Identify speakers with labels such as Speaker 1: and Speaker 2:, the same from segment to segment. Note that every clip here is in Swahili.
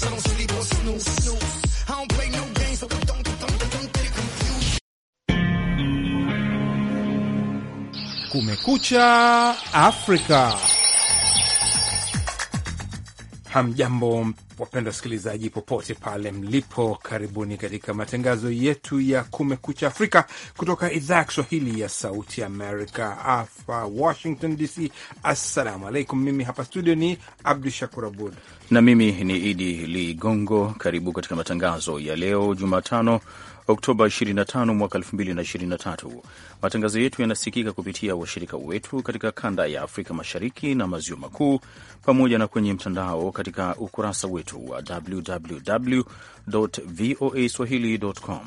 Speaker 1: games. I don't sleep or snooze. I don't play no games, so don't, don't, don't, don't get confused. Kumekucha Afrika. Hamjambo Wapendwa wasikilizaji, popote pale mlipo, karibuni katika matangazo yetu ya Kumekucha Afrika kutoka idhaa ya Kiswahili ya Sauti Amerika hapa Washington DC. Assalamu alaikum. Mimi hapa studio ni Abdu Shakur Abud
Speaker 2: na mimi ni Idi Ligongo. Karibu katika matangazo ya leo Jumatano Oktoba 25 mwaka 2023. Matangazo yetu yanasikika kupitia washirika wetu katika kanda ya Afrika Mashariki na Maziwa Makuu, pamoja na kwenye mtandao katika ukurasa wetu wa www voa swahili.com.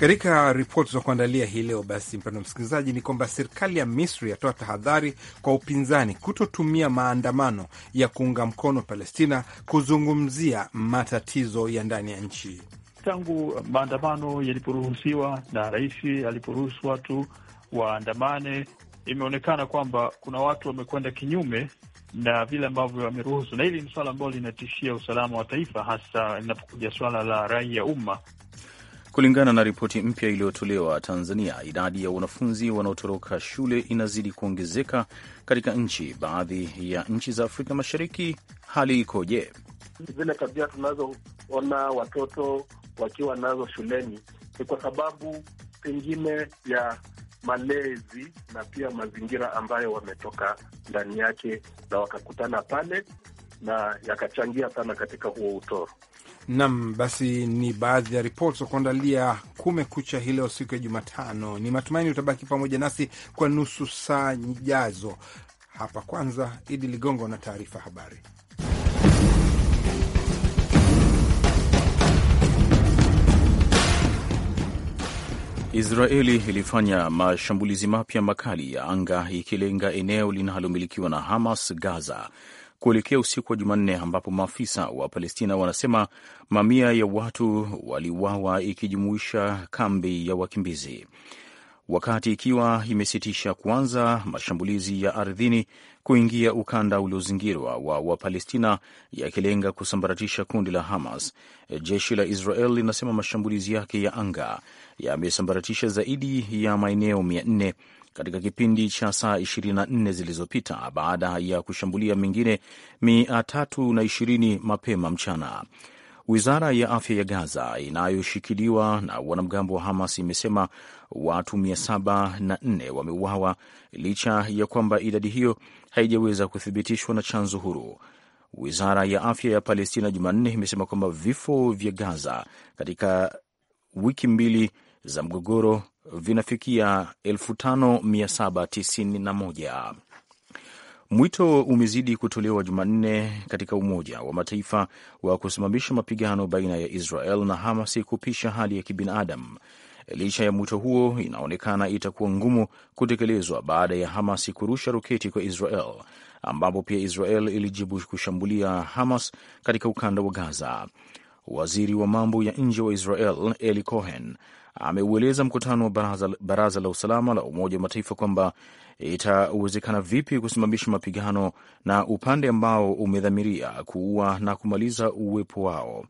Speaker 1: Katika ripoti za kuandalia hii leo, basi mpendo msikilizaji, ni kwamba serikali ya Misri yatoa tahadhari kwa upinzani kutotumia maandamano ya kuunga mkono Palestina kuzungumzia matatizo ya ndani ya nchi.
Speaker 3: Tangu maandamano yaliporuhusiwa na rais aliporuhusu watu waandamane, imeonekana kwamba kuna watu wamekwenda kinyume na vile ambavyo wameruhusu, na hili ni swala ambalo linatishia usalama wa taifa, hasa linapokuja swala la rai ya umma.
Speaker 2: Kulingana na ripoti mpya iliyotolewa Tanzania, idadi ya wanafunzi wanaotoroka shule inazidi kuongezeka katika nchi. Baadhi ya nchi za Afrika Mashariki, hali ikoje?
Speaker 4: Zile tabia tunazoona watoto wakiwa nazo shuleni ni kwa sababu pengine ya malezi na pia mazingira ambayo wametoka ndani yake na wakakutana pale, na yakachangia sana katika huo
Speaker 1: utoro. Nam, basi ni baadhi ya ripoti za kuandalia Kumekucha hii leo, siku ya Jumatano. Ni matumaini utabaki pamoja nasi kwa nusu saa jazo. Hapa kwanza, Idi Ligongo na taarifa habari.
Speaker 2: Israeli ilifanya mashambulizi mapya makali ya anga ikilenga eneo linalomilikiwa na Hamas Gaza kuelekea usiku wa Jumanne, ambapo maafisa wa Palestina wanasema mamia ya watu waliuawa, ikijumuisha kambi ya wakimbizi, wakati ikiwa imesitisha kuanza mashambulizi ya ardhini kuingia ukanda uliozingirwa wa Wapalestina yakilenga kusambaratisha kundi la Hamas. Jeshi la Israel linasema mashambulizi yake ya anga yamesambaratisha zaidi ya maeneo mia nne katika kipindi cha saa 24 zilizopita baada ya kushambulia mingine 320 mapema mchana. Wizara ya afya ya Gaza inayoshikiliwa na wanamgambo wa Hamas imesema watu 704 wameuawa licha ya kwamba idadi hiyo haijaweza kuthibitishwa na chanzo huru. Wizara ya afya ya Palestina Jumanne imesema kwamba vifo vya Gaza katika wiki mbili za mgogoro vinafikia 5791. Mwito umezidi kutolewa Jumanne katika Umoja wa Mataifa wa kusimamisha mapigano baina ya Israel na Hamasi kupisha hali ya kibinadamu. Licha ya mwito huo, inaonekana itakuwa ngumu kutekelezwa baada ya Hamas kurusha roketi kwa Israel, ambapo pia Israel ilijibu kushambulia Hamas katika ukanda wa Gaza. Waziri wa mambo ya nje wa Israel Eli Cohen ameueleza mkutano wa baraza, baraza la usalama la Umoja wa Mataifa kwamba itawezekana vipi kusimamisha mapigano na upande ambao umedhamiria kuua na kumaliza uwepo wao.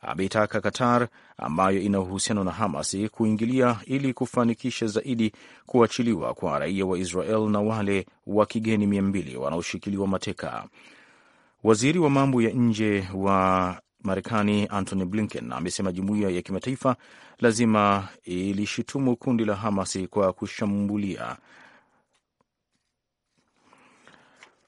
Speaker 2: Ameitaka Qatar ambayo ina uhusiano na Hamas kuingilia ili kufanikisha zaidi kuachiliwa kwa raia wa Israel na wale wa kigeni mia mbili wanaoshikiliwa mateka. Waziri wa mambo ya nje wa Marekani Antony Blinken amesema jumuiya ya kimataifa lazima ilishutumu kundi la Hamasi kwa kushambulia.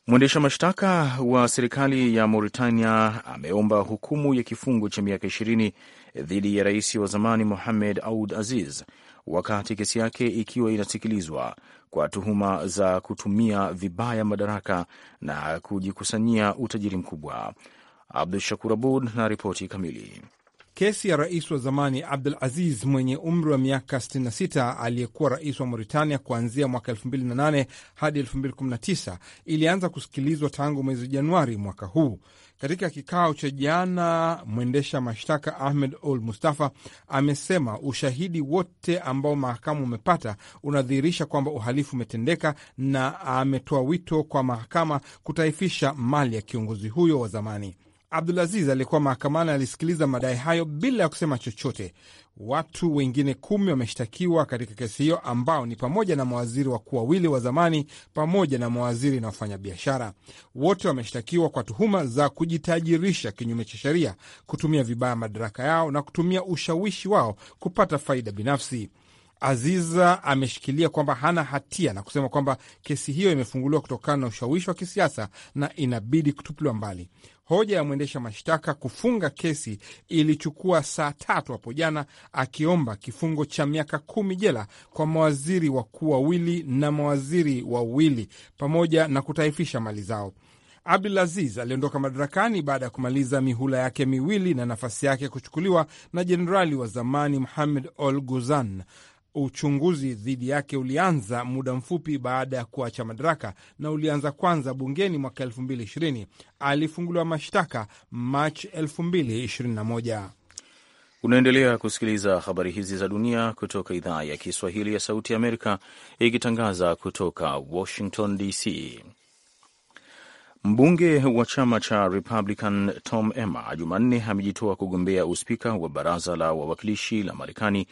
Speaker 2: Mwendesha mashtaka wa serikali ya Mauritania ameomba hukumu ya kifungo cha miaka ishirini dhidi ya rais wa zamani Mohamed Aoud Aziz wakati kesi yake ikiwa inasikilizwa kwa tuhuma za kutumia vibaya madaraka na kujikusanyia utajiri mkubwa. Abdu Shakur Abud na ripoti kamili.
Speaker 1: Kesi ya rais wa zamani Abdul Aziz mwenye umri wa miaka 66 aliyekuwa rais wa Mauritania kuanzia mwaka 2008 hadi 2019 ilianza kusikilizwa tangu mwezi Januari mwaka huu. Katika kikao cha jana, mwendesha mashtaka Ahmed Ol Mustafa amesema ushahidi wote ambao mahakama umepata unadhihirisha kwamba uhalifu umetendeka, na ametoa wito kwa mahakama kutaifisha mali ya kiongozi huyo wa zamani. Abdulaziz aliyekuwa mahakamani alisikiliza madai hayo bila ya kusema chochote. Watu wengine kumi wameshtakiwa katika kesi hiyo ambao ni pamoja na mawaziri wakuu wawili wa zamani pamoja na mawaziri na wafanyabiashara. Wote wameshtakiwa kwa tuhuma za kujitajirisha kinyume cha sheria, kutumia vibaya madaraka yao na kutumia ushawishi wao kupata faida binafsi. Aziza ameshikilia kwamba hana hatia na kusema kwamba kesi hiyo imefunguliwa kutokana na ushawishi wa kisiasa na inabidi kutupuliwa mbali. Hoja ya mwendesha mashtaka kufunga kesi ilichukua saa tatu hapo jana, akiomba kifungo cha miaka kumi jela kwa mawaziri wakuu wawili na mawaziri wawili pamoja na kutaifisha mali zao. Abdul aliondoka madarakani baada ya kumaliza mihula yake miwili na nafasi yake kuchukuliwa na jenerali wa zamani muhamed Ol Guzan Uchunguzi dhidi yake ulianza muda mfupi baada ya kuacha madaraka na ulianza kwanza bungeni mwaka 2020. Alifunguliwa mashtaka Machi 2021.
Speaker 2: Unaendelea kusikiliza habari hizi za dunia kutoka idhaa ya Kiswahili ya Sauti Amerika, ikitangaza kutoka Washington DC. Mbunge wa chama cha Republican Tom Emmer Jumanne amejitoa kugombea uspika wa baraza la wawakilishi la Marekani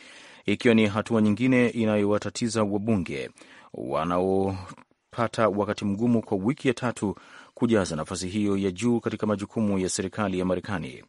Speaker 2: ikiwa ni hatua nyingine inayowatatiza wabunge wanaopata wakati mgumu kwa wiki ya tatu kujaza nafasi hiyo ya juu katika majukumu ya serikali ya Marekani.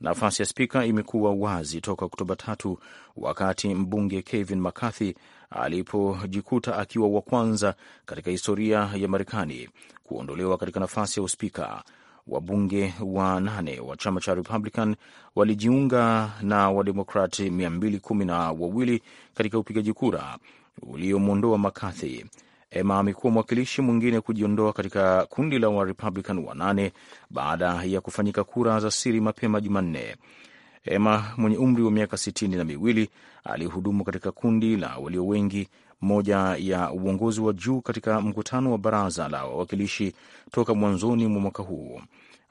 Speaker 2: Nafasi ya spika imekuwa wazi toka Oktoba tatu, wakati mbunge Kevin McCarthy alipojikuta akiwa wa kwanza katika historia ya Marekani kuondolewa katika nafasi ya uspika wabunge wa nane wa chama cha Republican walijiunga na Wademokrat mia mbili kumi na wawili katika upigaji kura uliomwondoa McCarthy. Emma amekuwa mwakilishi mwingine kujiondoa katika kundi la Warepublican wanane baada ya kufanyika kura za siri mapema Jumanne. Emma mwenye umri wa miaka sitini na miwili alihudumu katika kundi la walio wengi moja ya uongozi wa juu katika mkutano wa baraza la wawakilishi toka mwanzoni mwa mwaka huu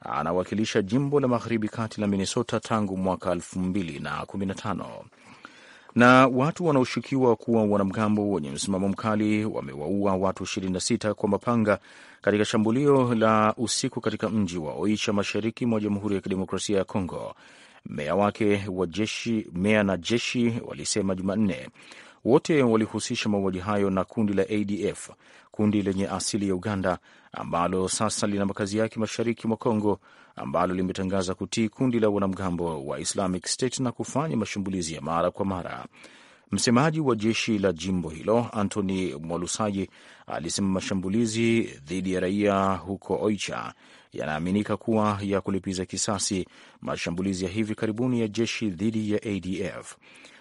Speaker 2: anawakilisha jimbo la magharibi kati la Minnesota tangu mwaka 2015 na watu wanaoshukiwa kuwa wanamgambo wenye msimamo mkali wamewaua watu 26 kwa mapanga katika shambulio la usiku katika mji wa Oicha mashariki mwa Jamhuri ya Kidemokrasia ya Kongo. Meya wake wa jeshi, meya na jeshi walisema Jumanne wote walihusisha mauaji hayo na kundi la ADF, kundi lenye asili ya Uganda ambalo sasa lina makazi yake mashariki mwa Kongo, ambalo limetangaza kutii kundi la wanamgambo wa Islamic State na kufanya mashambulizi ya mara kwa mara. Msemaji wa jeshi la jimbo hilo Antony Mwalusaji alisema mashambulizi dhidi ya raia huko Oicha yanaaminika kuwa ya kulipiza kisasi mashambulizi ya hivi karibuni ya jeshi dhidi ya ADF.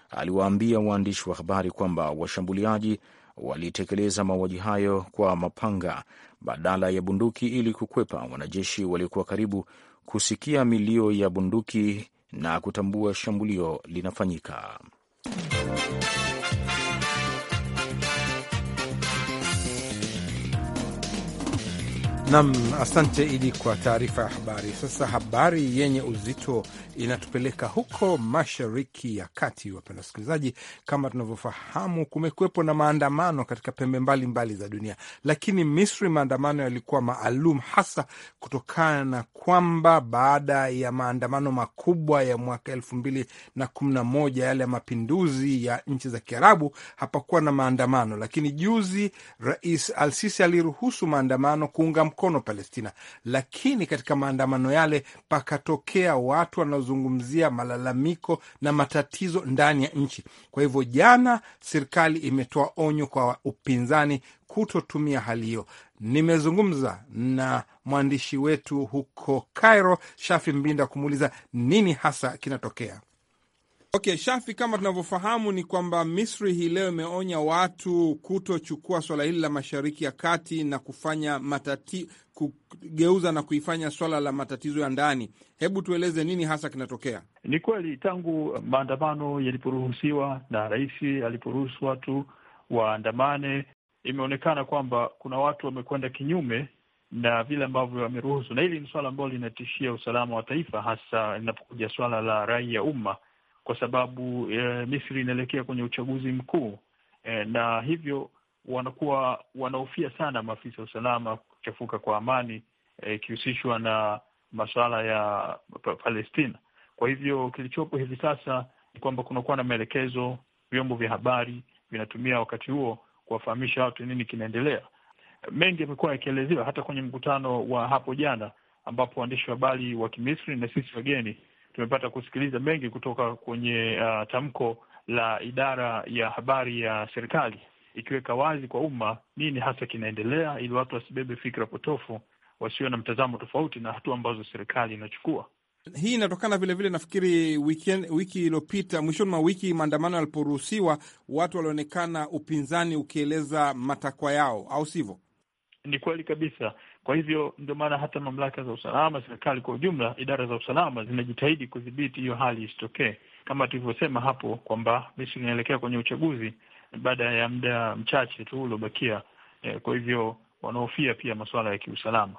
Speaker 2: Aliwaambia waandishi wa habari kwamba washambuliaji walitekeleza mauaji hayo kwa mapanga badala ya bunduki ili kukwepa wanajeshi waliokuwa karibu kusikia milio ya bunduki na kutambua shambulio linafanyika.
Speaker 1: Nam, asante Idi kwa taarifa ya habari. Sasa habari yenye uzito inatupeleka huko Mashariki ya Kati. Wapenda wasikilizaji, kama tunavyofahamu, kumekuwepo na maandamano katika pembe mbalimbali mbali za dunia, lakini Misri maandamano yalikuwa maalum, hasa kutokana na kwamba baada ya maandamano makubwa ya mwaka elfu mbili na kumi na moja yale ya mapinduzi ya nchi za Kiarabu hapakuwa na maandamano, lakini juzi Rais Al Sisi aliruhusu maandamano kuunga mkono Palestina, lakini katika maandamano yale pakatokea watu wanaozungumzia malalamiko na matatizo ndani ya nchi. Kwa hivyo, jana serikali imetoa onyo kwa upinzani kutotumia hali hiyo. Nimezungumza na mwandishi wetu huko Cairo, Shafi Mbinda, kumuuliza nini hasa kinatokea. Okay, Shafi, kama tunavyofahamu ni kwamba Misri hii leo imeonya watu kutochukua swala hili la Mashariki ya Kati na kufanya matati, kugeuza na kuifanya swala la matatizo ya ndani. Hebu tueleze nini hasa kinatokea?
Speaker 3: Ni kweli tangu maandamano yaliporuhusiwa na rais aliporuhusu watu waandamane, imeonekana kwamba kuna watu wamekwenda kinyume na vile ambavyo wameruhusu, na hili ni swala ambalo linatishia usalama wa taifa, hasa linapokuja swala la rai ya umma kwa sababu e, Misri inaelekea kwenye uchaguzi mkuu e, na hivyo wanakuwa wanahofia sana maafisa wa usalama kuchafuka kwa amani eh, ikihusishwa e, na masuala ya Palestina. Kwa hivyo kilichopo hivi sasa ni kwamba kunakuwa na maelekezo, vyombo vya habari vinatumia wakati huo kuwafahamisha watu nini kinaendelea. Mengi yamekuwa yakielezewa hata kwenye mkutano wa hapo jana, ambapo waandishi wa habari wa Kimisri na sisi wageni tumepata kusikiliza mengi kutoka kwenye uh, tamko la idara ya habari ya serikali ikiweka wazi kwa umma nini hasa kinaendelea, ili watu wasibebe fikra potofu,
Speaker 1: wasiwe na mtazamo
Speaker 3: tofauti na hatua ambazo serikali inachukua.
Speaker 1: Hii inatokana vilevile nafikiri weekend, wiki iliyopita mwishoni mwa wiki, maandamano yaliporuhusiwa, watu walionekana upinzani ukieleza matakwa yao, au sivyo? Ni kweli kabisa.
Speaker 3: Kwa hivyo ndio maana hata mamlaka za usalama, serikali kwa ujumla, idara za usalama zinajitahidi kudhibiti hiyo hali isitokee. Kama tulivyosema hapo kwamba Misri inaelekea kwenye uchaguzi baada ya muda mchache tu uliobakia. E, kwa hivyo wanahofia pia masuala ya kiusalama,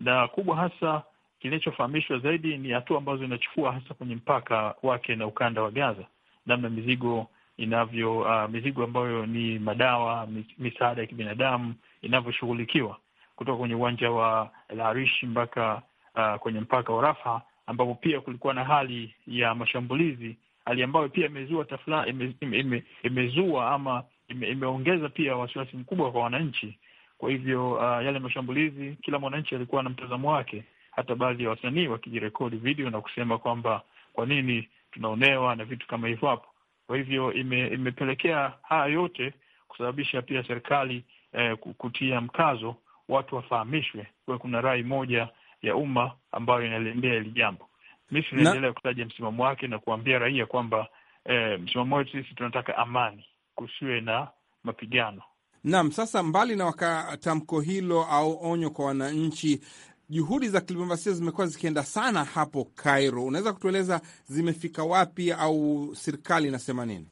Speaker 3: na kubwa hasa kinachofahamishwa zaidi ni hatua ambazo inachukua hasa kwenye mpaka wake na ukanda wa Gaza, namna mizigo inavyo uh, mizigo ambayo ni madawa, misaada ya kibinadamu inavyoshughulikiwa kutoka kwenye uwanja wa El mpaka uh, kwenye mpaka wa Rafa, ambapo pia kulikuwa na hali ya mashambulizi, hali ambayo pia imezua tafla, ime, imezua ama ime, imeongeza pia wasiwasi mkubwa kwa wananchi. Kwa hivyo uh, yale mashambulizi, kila mwananchi alikuwa na mtazamo wake, hata baadhi ya wasanii wakijirekodi video na kusema kwamba kwa nini tunaonewa na vitu kama hivyo hapo. Kwa hivyo ime, imepelekea haya yote kusababisha pia serikali eh, kutia mkazo watu wafahamishwe, kwa kuna rai moja ya umma ambayo inalembea hili jambo. Misri inaendelea kutaja msimamo wake na kuambia raia kwamba e, msimamo wetu sisi tunataka amani, kusiwe na mapigano.
Speaker 1: Naam. Sasa mbali na wakatamko hilo au onyo kwa wananchi, juhudi za kidiplomasia zimekuwa zikienda sana hapo Cairo. Unaweza kutueleza zimefika wapi au serikali inasema nini?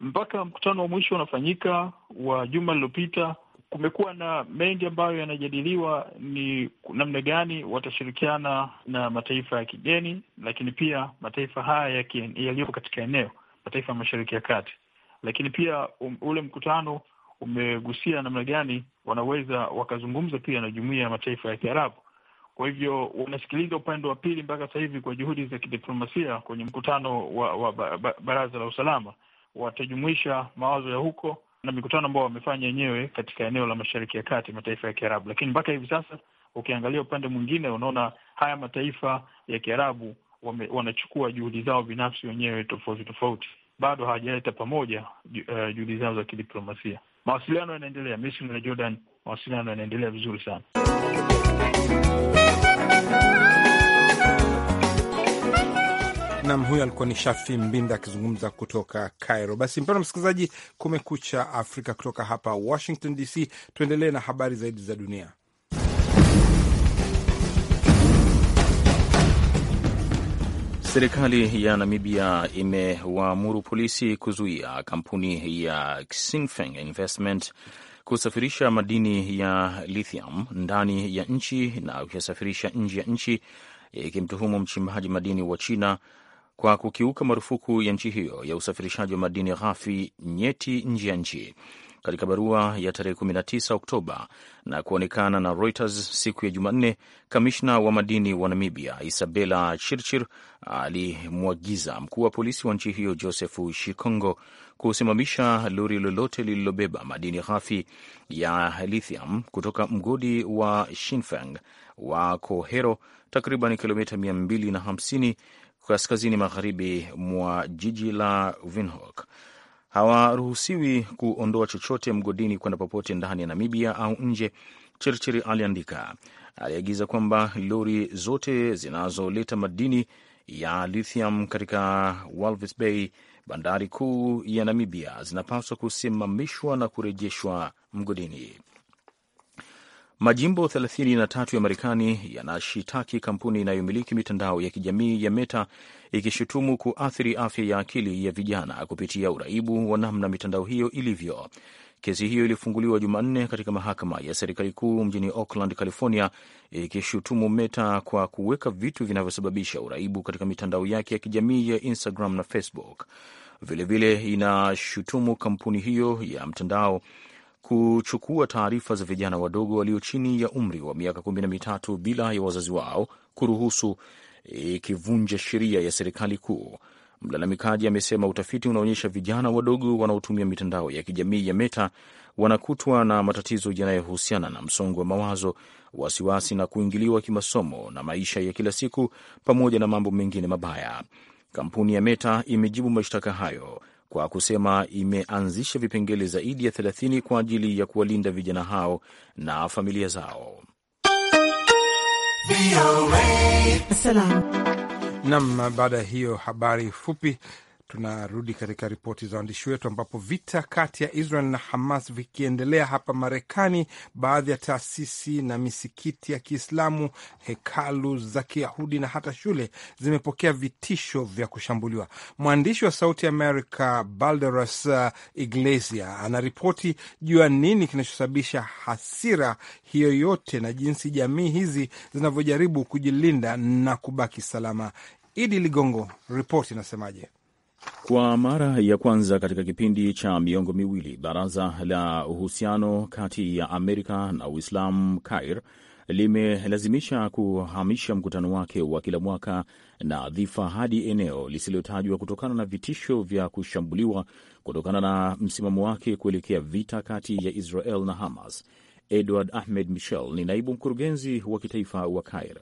Speaker 1: Mpaka mkutano wa mwisho
Speaker 3: unafanyika wa juma lililopita, kumekuwa na mengi ambayo yanajadiliwa, ni namna gani watashirikiana na mataifa ya kigeni, lakini pia mataifa haya yaliyopo katika eneo, mataifa ya Mashariki ya Kati. Lakini pia um, ule mkutano umegusia namna gani wanaweza wakazungumza pia na jumuia ya mataifa ya Kiarabu. Kwa hivyo wanasikiliza upande wa pili mpaka sasa hivi kwa juhudi za kidiplomasia. Kwenye mkutano wa, wa, wa baraza la usalama watajumuisha mawazo ya huko na mikutano ambao wamefanya wenyewe katika eneo la Mashariki ya Kati, mataifa ya Kiarabu. Lakini mpaka hivi sasa ukiangalia upande mwingine, unaona haya mataifa ya Kiarabu wame, wanachukua juhudi zao binafsi wenyewe tofauti tofauti, bado hawajaleta pamoja uh, juhudi zao za kidiplomasia. Mawasiliano yanaendelea, Misri na Jordan mawasiliano yanaendelea vizuri sana
Speaker 1: Nam, huyo alikuwa ni Shafi Mbinda akizungumza kutoka Cairo. Basi mpendwa msikilizaji, Kumekucha Afrika kutoka hapa Washington DC. Tuendelee na habari zaidi za dunia.
Speaker 2: Serikali ya Namibia imewaamuru polisi kuzuia kampuni ya Xinfeng Investment kusafirisha madini ya lithium ndani ya nchi na kuyasafirisha nje ya nchi ikimtuhumu mchimbaji madini wa China kwa kukiuka marufuku ya nchi hiyo ya usafirishaji wa madini ghafi nyeti nje ya nchi katika barua ya tarehe 19 Oktoba na kuonekana na Reuters siku ya Jumanne, kamishna wa madini wa Namibia Isabella Chirchir alimwagiza mkuu wa polisi wa nchi hiyo Joseph Shikongo kusimamisha lori lolote lililobeba madini ghafi ya lithium kutoka mgodi wa Shinfeng wa Kohero, takriban kilomita 250 kaskazini magharibi mwa jiji la Windhoek hawaruhusiwi kuondoa chochote mgodini kwenda popote ndani ya Namibia au nje, Chirchiri aliandika. Aliagiza kwamba lori zote zinazoleta madini ya lithium katika Walvis Bay, bandari kuu ya Namibia, zinapaswa kusimamishwa na kurejeshwa mgodini. Majimbo 33 ya Marekani yanashitaki kampuni inayomiliki mitandao ya kijamii ya Meta ikishutumu kuathiri afya ya akili ya vijana kupitia uraibu wa namna mitandao hiyo ilivyo. Kesi hiyo ilifunguliwa Jumanne katika mahakama ya serikali kuu mjini Oakland, California, ikishutumu Meta kwa kuweka vitu vinavyosababisha uraibu katika mitandao yake ya kijamii ya Instagram na Facebook. Vilevile vile inashutumu kampuni hiyo ya mtandao kuchukua taarifa za vijana wadogo walio chini ya umri wa miaka kumi na mitatu bila ya wazazi wao kuruhusu, ikivunja e, sheria ya serikali kuu. Mlalamikaji amesema utafiti unaonyesha vijana wadogo wanaotumia mitandao ya kijamii ya Meta wanakutwa na matatizo yanayohusiana na msongo wa mawazo, wasiwasi na kuingiliwa kimasomo na maisha ya kila siku, pamoja na mambo mengine mabaya. Kampuni ya Meta imejibu mashtaka hayo kwa kusema imeanzisha vipengele zaidi ya 30 kwa ajili ya kuwalinda vijana hao na familia zao.
Speaker 1: Nam, baada ya hiyo habari fupi Tunarudi katika ripoti za waandishi wetu, ambapo vita kati ya Israel na Hamas vikiendelea hapa Marekani, baadhi ya taasisi na misikiti ya Kiislamu, hekalu za Kiyahudi na hata shule zimepokea vitisho vya kushambuliwa. Mwandishi wa Sauti America Balderas uh, Iglesia anaripoti juu ya nini kinachosababisha hasira hiyo yote na jinsi jamii hizi zinavyojaribu kujilinda na kubaki salama. Idi Ligongo, ripoti inasemaje?
Speaker 2: Kwa mara ya kwanza katika kipindi cha miongo miwili, Baraza la Uhusiano kati ya Amerika na Uislamu Cair limelazimisha kuhamisha mkutano wake wa kila mwaka na dhifa hadi eneo lisilotajwa kutokana na vitisho vya kushambuliwa kutokana na msimamo wake kuelekea vita kati ya Israel na Hamas. Edward Ahmed Michel ni naibu mkurugenzi wa kitaifa wa kair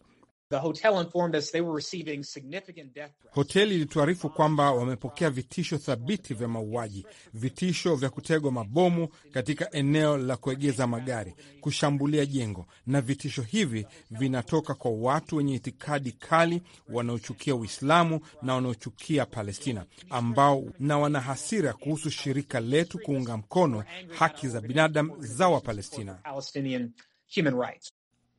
Speaker 5: The hotel informed us they were receiving significant death
Speaker 1: threats. Hoteli ilituarifu kwamba wamepokea vitisho thabiti vya mauaji, vitisho vya kutegwa mabomu katika eneo la kuegeza magari, kushambulia jengo, na vitisho hivi vinatoka kwa watu wenye itikadi kali wanaochukia Uislamu na wanaochukia Palestina, ambao na wana hasira kuhusu shirika letu kuunga mkono haki za binadamu za Wapalestina.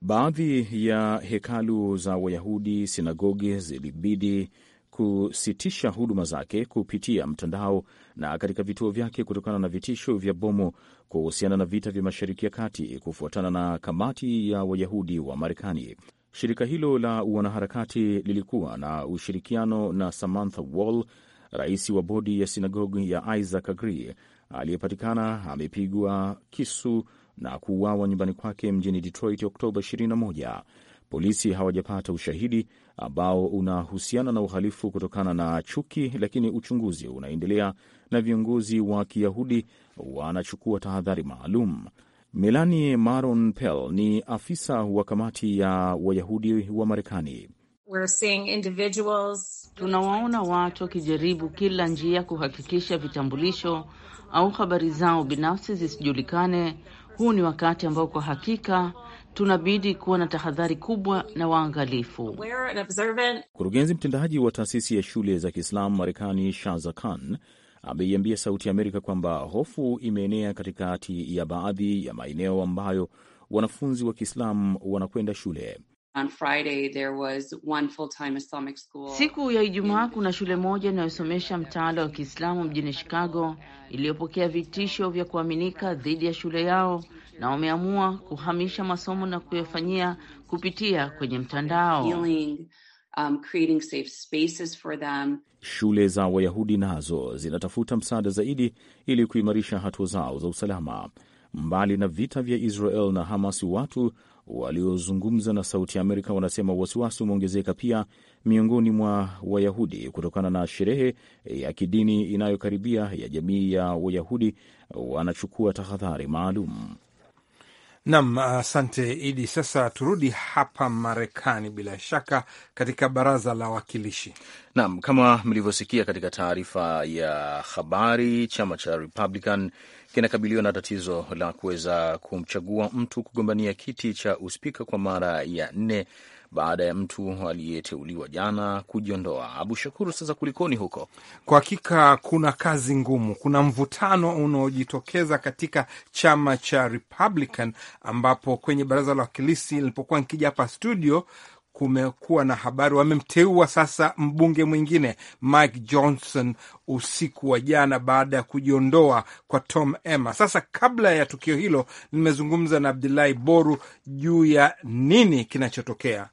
Speaker 2: Baadhi ya hekalu za Wayahudi sinagogi zilibidi kusitisha huduma zake kupitia mtandao na katika vituo vyake kutokana na vitisho vya bomu kuhusiana na vita vya Mashariki ya Kati, kufuatana na kamati ya Wayahudi wa Marekani. Shirika hilo la wanaharakati lilikuwa na ushirikiano na Samantha Wall, rais wa bodi ya sinagogi ya Isaac Agri, aliyepatikana amepigwa kisu na kuuawa nyumbani kwake mjini Detroit Oktoba 21. Polisi hawajapata ushahidi ambao unahusiana na uhalifu kutokana na chuki, lakini uchunguzi unaendelea na viongozi wa Kiyahudi wanachukua tahadhari maalum. Melanie Maron Pell ni afisa wa kamati ya Wayahudi wa Marekani.
Speaker 6: Tunawaona
Speaker 3: watu wakijaribu kila njia kuhakikisha vitambulisho au habari zao binafsi zisijulikane huu ni wakati ambao kwa hakika tunabidi kuwa na tahadhari kubwa na waangalifu.
Speaker 2: Mkurugenzi mtendaji wa taasisi ya shule za Kiislamu Marekani, Shaza Khan, ameiambia Sauti ya Amerika kwamba hofu imeenea katikati ya baadhi ya maeneo ambayo wanafunzi wa Kiislamu wanakwenda shule.
Speaker 4: On Friday, there was one full-time Islamic school. Siku
Speaker 3: ya Ijumaa kuna shule moja inayosomesha mtaala wa Kiislamu mjini Chicago iliyopokea vitisho vya kuaminika dhidi ya shule yao na wameamua kuhamisha masomo na kuyafanyia kupitia kwenye mtandao. Um, creating safe spaces for them.
Speaker 2: Shule za Wayahudi nazo zinatafuta msaada zaidi ili kuimarisha hatua zao za usalama. Mbali na vita vya Israel na Hamas, watu waliozungumza na Sauti ya Amerika wanasema wasiwasi umeongezeka pia miongoni mwa Wayahudi kutokana na sherehe ya kidini inayokaribia ya jamii ya Wayahudi wanachukua tahadhari maalum.
Speaker 1: Nam, asante Idi. Sasa turudi hapa Marekani, bila shaka katika baraza la wawakilishi.
Speaker 2: Nam, kama mlivyosikia katika taarifa ya habari, chama cha Republican kinakabiliwa na tatizo la kuweza kumchagua mtu kugombania kiti cha uspika kwa mara ya nne baada ya mtu aliyeteuliwa jana kujiondoa. Abu Shakuru, sasa
Speaker 1: kulikoni huko? Kwa hakika kuna kazi ngumu, kuna mvutano unaojitokeza katika chama cha Republican, ambapo kwenye baraza la wakilisi nilipokuwa nikija hapa studio kumekuwa na habari wamemteua sasa mbunge mwingine Mike Johnson usiku wa jana baada ya kujiondoa kwa Tom Emma. Sasa kabla ya tukio hilo, nimezungumza na Abdulahi Boru juu ya nini kinachotokea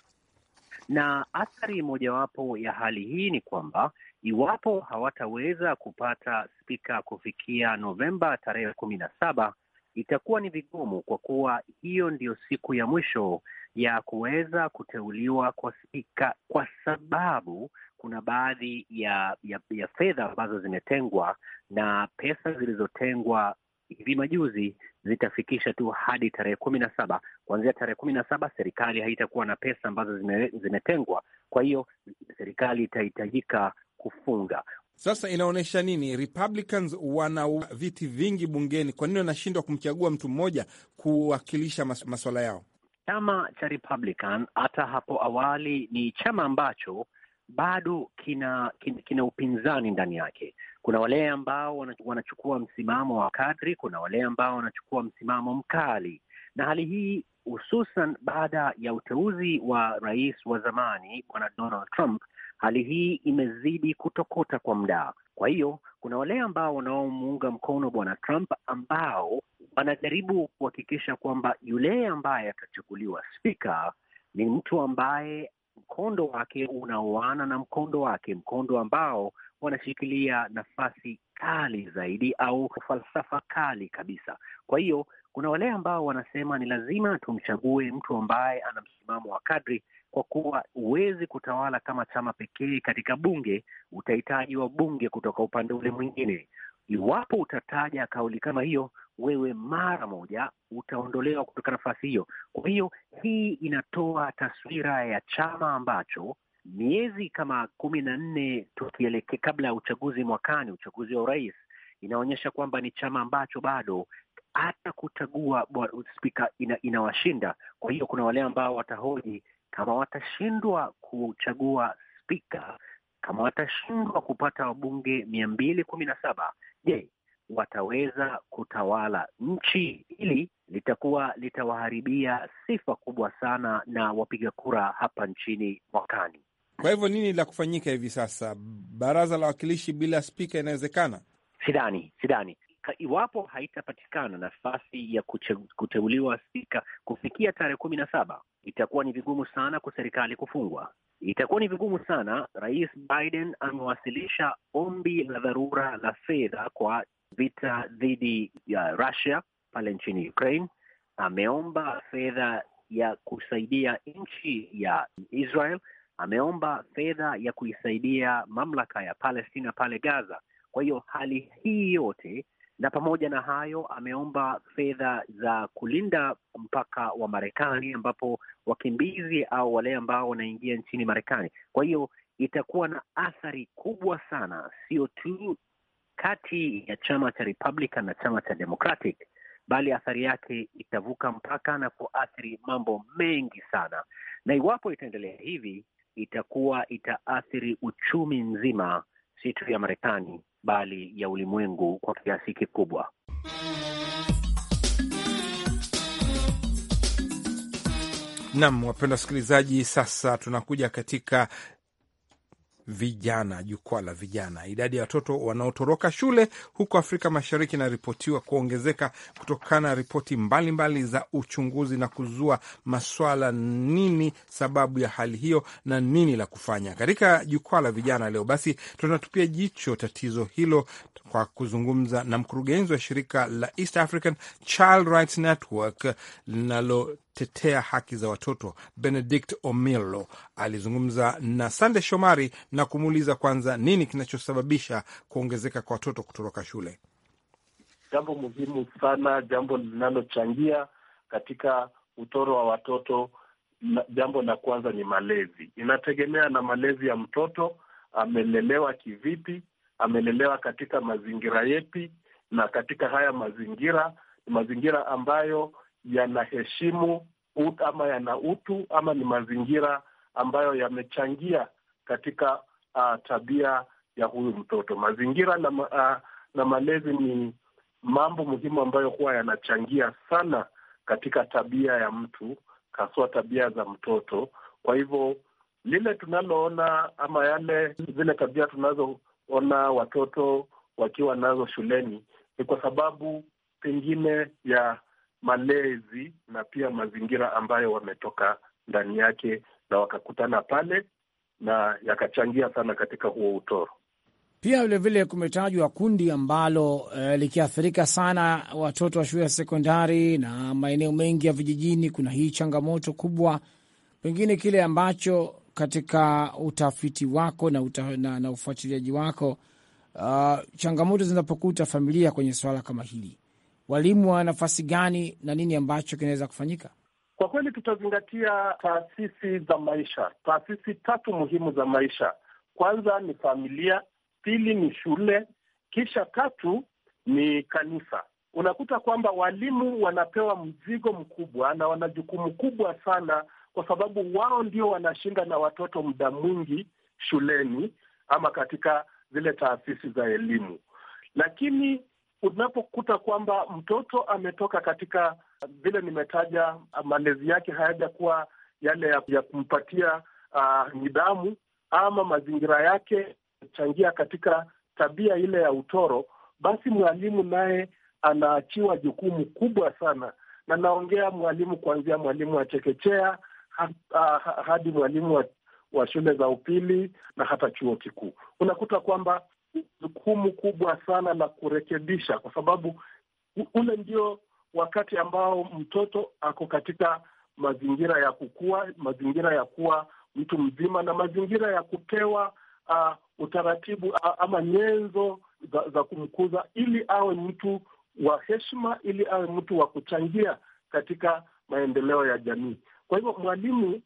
Speaker 5: na athari mojawapo ya hali hii ni kwamba iwapo hawataweza kupata spika kufikia Novemba tarehe kumi na saba itakuwa ni vigumu, kwa kuwa hiyo ndiyo siku ya mwisho ya kuweza kuteuliwa kwa spika, kwa sababu kuna baadhi ya, ya, ya fedha ambazo zimetengwa na pesa zilizotengwa hivi majuzi zitafikisha tu hadi tarehe kumi na saba. Kuanzia tarehe kumi na saba serikali haitakuwa na pesa ambazo zime, zimetengwa. Kwa hiyo serikali itahitajika kufunga.
Speaker 1: Sasa inaonyesha nini? Republicans wana viti vingi bungeni, kwa nini wanashindwa kumchagua mtu mmoja kuwakilisha mas maswala yao?
Speaker 5: Chama cha Republican hata hapo awali ni chama ambacho bado kina, kina, kina upinzani ndani yake. Kuna wale ambao wanachukua msimamo wa kadri, kuna wale ambao wanachukua msimamo mkali, na hali hii hususan baada ya uteuzi wa rais wa zamani bwana Donald Trump, hali hii imezidi kutokota kwa mda Kwa hiyo kuna wale ambao wanaomuunga mkono bwana Trump ambao wanajaribu kuhakikisha kwamba yule ambaye atachukuliwa spika ni mtu ambaye mkondo wake unaoana na mkondo wake, mkondo ambao wanashikilia nafasi kali zaidi au falsafa kali kabisa. Kwa hiyo kuna wale ambao wanasema ni lazima tumchague mtu ambaye ana msimamo wa kadri, kwa kuwa huwezi kutawala kama chama pekee katika bunge, utahitaji wa bunge kutoka upande ule mwingine. Iwapo utataja kauli kama hiyo, wewe mara moja utaondolewa kutoka nafasi hiyo. Kwa hiyo hii inatoa taswira ya chama ambacho miezi kama kumi na nne tukielekea kabla ya uchaguzi mwakani, uchaguzi wa urais, inaonyesha kwamba ni chama ambacho bado hata kuchagua spika ina, inawashinda. Kwa hiyo kuna wale ambao watahoji kama watashindwa kuchagua spika, kama watashindwa kupata wabunge mia mbili kumi na saba, je, wataweza kutawala nchi? Hili litakuwa litawaharibia sifa kubwa sana na wapiga kura hapa nchini mwakani. Kwa hivyo nini la kufanyika hivi sasa?
Speaker 1: Baraza la wakilishi bila spika inawezekana? Sidhani,
Speaker 5: sidhani iwapo haitapatikana nafasi ya kuteuliwa spika kufikia tarehe kumi na saba, itakuwa ni vigumu sana kwa serikali kufungwa. Itakuwa ni vigumu sana. Rais Biden amewasilisha ombi la dharura la fedha kwa vita dhidi ya Russia pale nchini Ukraine. Ameomba fedha ya kusaidia nchi ya Israel ameomba fedha ya kuisaidia mamlaka ya Palestina pale Gaza. Kwa hiyo hali hii yote na pamoja na hayo ameomba fedha za kulinda mpaka wa Marekani ambapo wakimbizi au wale ambao wanaingia nchini Marekani. Kwa hiyo itakuwa na athari kubwa sana, sio tu kati ya chama cha Republican na chama cha Democratic, bali athari yake itavuka mpaka na kuathiri mambo mengi sana, na iwapo itaendelea hivi itakuwa itaathiri uchumi nzima, si tu ya Marekani bali ya ulimwengu kwa kiasi kikubwa. Nam, wapenda
Speaker 1: wasikilizaji, sasa tunakuja katika vijana, jukwaa la vijana. Idadi ya watoto wanaotoroka shule huko Afrika Mashariki inaripotiwa kuongezeka kutokana na ripoti mbalimbali za uchunguzi na kuzua maswala, nini sababu ya hali hiyo na nini la kufanya. Katika jukwaa la vijana leo, basi tunatupia jicho tatizo hilo kwa kuzungumza na mkurugenzi wa shirika la East African Child Rights Network linalo tetea haki za watoto Benedict omillo alizungumza na Sande Shomari na kumuuliza kwanza nini kinachosababisha kuongezeka kwa watoto kutoroka shule.
Speaker 4: Jambo muhimu sana, jambo linalochangia katika utoro wa watoto na, jambo la kwanza ni malezi. Inategemea na malezi ya mtoto, amelelewa kivipi, amelelewa katika mazingira yepi, na katika haya mazingira, mazingira ambayo yanaheshimu ama yana utu ama ni mazingira ambayo yamechangia katika uh, tabia ya huyu mtoto. Mazingira na, uh, na malezi ni mambo muhimu ambayo huwa yanachangia sana katika tabia ya mtu, haswa tabia za mtoto. Kwa hivyo lile tunaloona ama yale zile tabia tunazoona watoto wakiwa nazo shuleni ni kwa sababu pengine ya malezi na pia mazingira ambayo wametoka ndani yake, na wakakutana pale na yakachangia sana katika huo utoro.
Speaker 6: Pia vilevile kumetajwa kundi ambalo eh, likiathirika sana watoto wa shule ya sekondari na maeneo mengi ya vijijini. Kuna hii changamoto kubwa, pengine kile ambacho katika utafiti wako na, uta, na, na ufuatiliaji wako uh, changamoto zinapokuta familia kwenye swala kama hili, walimu wa nafasi gani na nini ambacho kinaweza kufanyika?
Speaker 4: Kwa kweli tutazingatia taasisi za maisha, taasisi tatu muhimu za maisha. Kwanza ni familia, pili ni shule, kisha tatu ni kanisa. Unakuta kwamba walimu wanapewa mzigo mkubwa na wana jukumu kubwa sana, kwa sababu wao ndio wanashinda na watoto muda mwingi shuleni ama katika zile taasisi za elimu, lakini unapokuta kwamba mtoto ametoka katika vile nimetaja, malezi yake hayajakuwa yale ya kumpatia uh, nidhamu ama mazingira yake changia katika tabia ile ya utoro, basi mwalimu naye anaachiwa jukumu kubwa sana, na naongea mwalimu kuanzia mwalimu wa chekechea ha, ha, hadi mwalimu wa, wa shule za upili na hata chuo kikuu. Unakuta kwamba jukumu kubwa sana la kurekebisha, kwa sababu ule ndio wakati ambao mtoto ako katika mazingira ya kukua, mazingira ya kuwa mtu mzima na mazingira ya kupewa uh, utaratibu uh, ama nyenzo za, za kumkuza ili awe mtu wa heshima, ili awe mtu wa kuchangia katika maendeleo ya jamii. Kwa hivyo mwalimu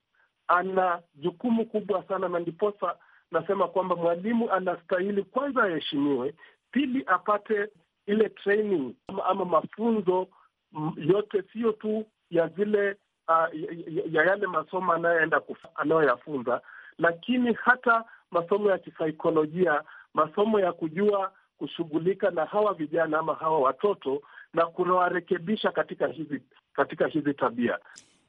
Speaker 4: ana jukumu kubwa sana, na ndiposa nasema kwamba mwalimu anastahili kwanza aheshimiwe, pili apate ile training ama, ama mafunzo yote, sio tu ya zile uh, ya yale masomo anayoenda anayoyafunza, lakini hata masomo ya kisaikolojia, masomo ya kujua kushughulika na hawa vijana ama hawa watoto na kunawarekebisha katika hizi katika hizi tabia.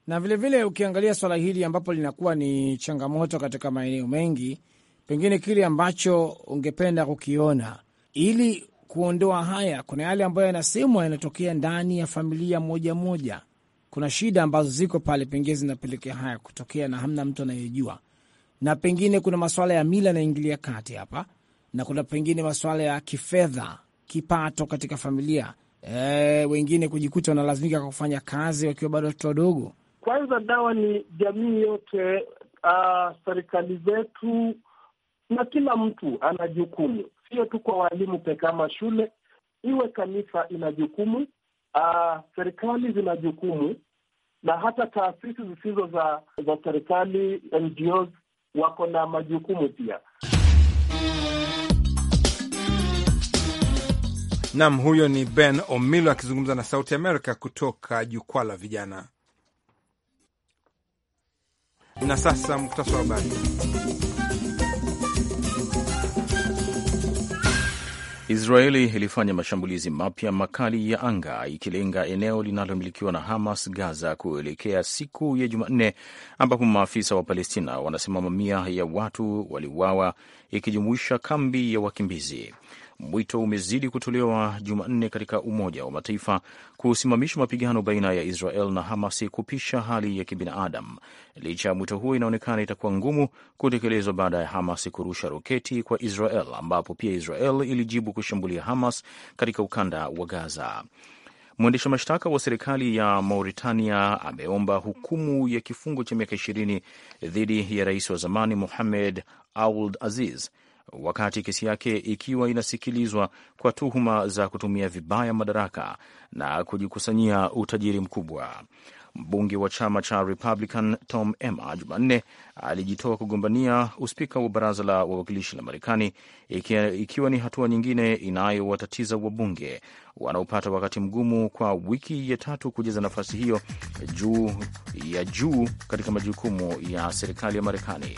Speaker 6: Na vilevile vile ukiangalia swala hili ambapo linakuwa ni changamoto katika maeneo mengi pengine kile ambacho ungependa kukiona ili kuondoa haya. Kuna yale ambayo yanasemwa yanatokea ndani ya familia moja moja, kuna shida ambazo ziko pale, pengine zinapelekea haya kutokea na hamna mtu anayejua, na pengine kuna masuala ya mila naingilia kati hapa, na kuna pengine masuala ya kifedha, kipato katika familia e, wengine kujikuta wanalazimika kufanya kazi wakiwa bado watoto wadogo.
Speaker 4: Kwanza dawa ni jamii yote, uh, serikali zetu na kila mtu ana jukumu, sio tu kwa waalimu peke ama shule, iwe kanisa ina jukumu, serikali zina jukumu, na hata taasisi zisizo za za serikali NGOs wako na majukumu pia.
Speaker 1: nam huyo ni Ben Omilo akizungumza na Sauti Amerika kutoka jukwaa la vijana. Na sasa muktasari wa habari.
Speaker 2: Israeli ilifanya mashambulizi mapya makali ya anga ikilenga eneo linalomilikiwa na Hamas Gaza kuelekea siku ya Jumanne, ambapo maafisa wa Palestina wanasema mamia ya watu waliuawa ikijumuisha kambi ya wakimbizi. Mwito umezidi kutolewa Jumanne katika Umoja wa Mataifa kusimamisha mapigano baina ya Israel na Hamasi kupisha hali ya kibinadamu. Licha ya mwito huo, inaonekana itakuwa ngumu kutekelezwa baada ya Hamas kurusha roketi kwa Israel, ambapo pia Israel ilijibu kushambulia Hamas katika ukanda wa Gaza. Mwendesha mashtaka wa serikali ya Mauritania ameomba hukumu ya kifungo cha miaka ishirini dhidi ya rais wa zamani Mohamed Ould Aziz wakati kesi yake ikiwa inasikilizwa kwa tuhuma za kutumia vibaya madaraka na kujikusanyia utajiri mkubwa. Mbunge wa chama cha Republican Tom Emmer Jumanne alijitoa kugombania uspika wa baraza la wawakilishi la Marekani, ikiwa ni hatua nyingine inayowatatiza wabunge wanaopata wakati mgumu kwa wiki ya tatu kujaza nafasi hiyo juu ya juu katika majukumu ya serikali ya Marekani.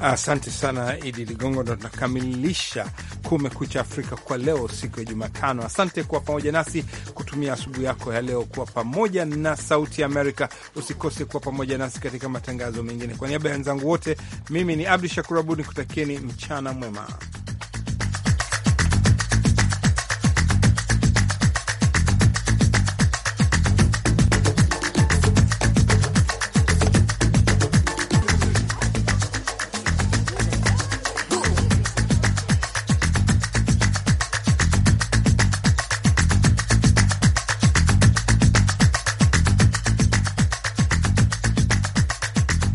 Speaker 1: Asante sana Idi Ligongo, ndo tunakamilisha Kumekucha Afrika kwa leo, siku ya Jumatano. Asante kuwa pamoja nasi kutumia asubuhi yako ya leo kuwa pamoja na Sauti Amerika. Usikose kuwa pamoja nasi katika matangazo mengine. Kwa niaba ya wenzangu wote, mimi ni Abdu Shakur Abud nikutakieni mchana mwema.